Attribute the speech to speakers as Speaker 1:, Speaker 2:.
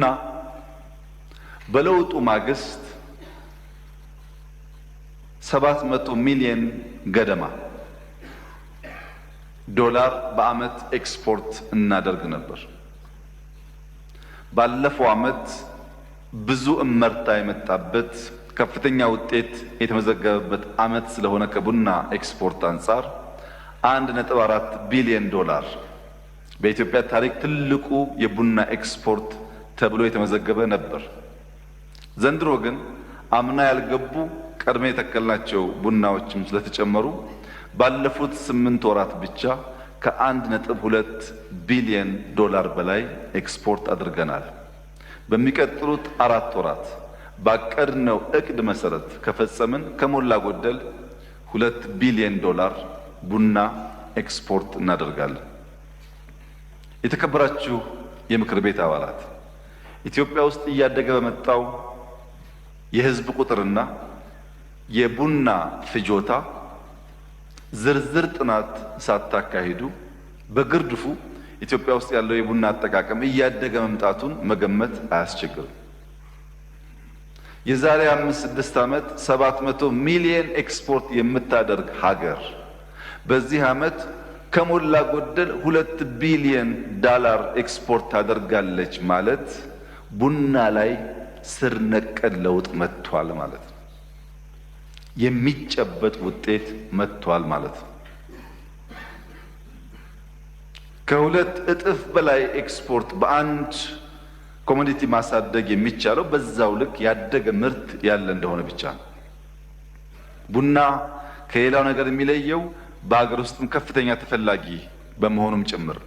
Speaker 1: እና በለውጡ ማግስት ሰባት መቶ ሚሊየን ገደማ ዶላር በአመት ኤክስፖርት እናደርግ ነበር። ባለፈው አመት ብዙ እመርታ የመጣበት ከፍተኛ ውጤት የተመዘገበበት አመት ስለሆነ ከቡና ኤክስፖርት አንጻር አንድ ነጥብ አራት ቢሊየን ዶላር በኢትዮጵያ ታሪክ ትልቁ የቡና ኤክስፖርት ተብሎ የተመዘገበ ነበር። ዘንድሮ ግን አምና ያልገቡ ቀድሜ የተከልናቸው ቡናዎችም ስለተጨመሩ ባለፉት ስምንት ወራት ብቻ ከአንድ ነጥብ ሁለት ቢሊየን ዶላር በላይ ኤክስፖርት አድርገናል። በሚቀጥሉት አራት ወራት ባቀድነው እቅድ መሰረት ከፈጸምን ከሞላ ጎደል ሁለት ቢሊየን ዶላር ቡና ኤክስፖርት እናደርጋለን። የተከበራችሁ የምክር ቤት አባላት ኢትዮጵያ ውስጥ እያደገ በመጣው የህዝብ ቁጥርና የቡና ፍጆታ ዝርዝር ጥናት ሳታካሂዱ በግርድፉ ኢትዮጵያ ውስጥ ያለው የቡና አጠቃቀም እያደገ መምጣቱን መገመት አያስቸግርም። የዛሬ አምስት ስድስት ዓመት ሰባት መቶ ሚሊየን ኤክስፖርት የምታደርግ ሀገር በዚህ ዓመት ከሞላ ጎደል ሁለት ቢሊየን ዳላር ኤክስፖርት ታደርጋለች ማለት ቡና ላይ ስር ነቀል ለውጥ መጥቷል ማለት ነው። የሚጨበጥ ውጤት መጥቷል ማለት ነው። ከሁለት እጥፍ በላይ ኤክስፖርት በአንድ ኮሞዲቲ ማሳደግ የሚቻለው በዛው ልክ ያደገ ምርት ያለ እንደሆነ ብቻ ነው። ቡና ከሌላው ነገር የሚለየው በሀገር ውስጥም ከፍተኛ ተፈላጊ በመሆኑም ጭምር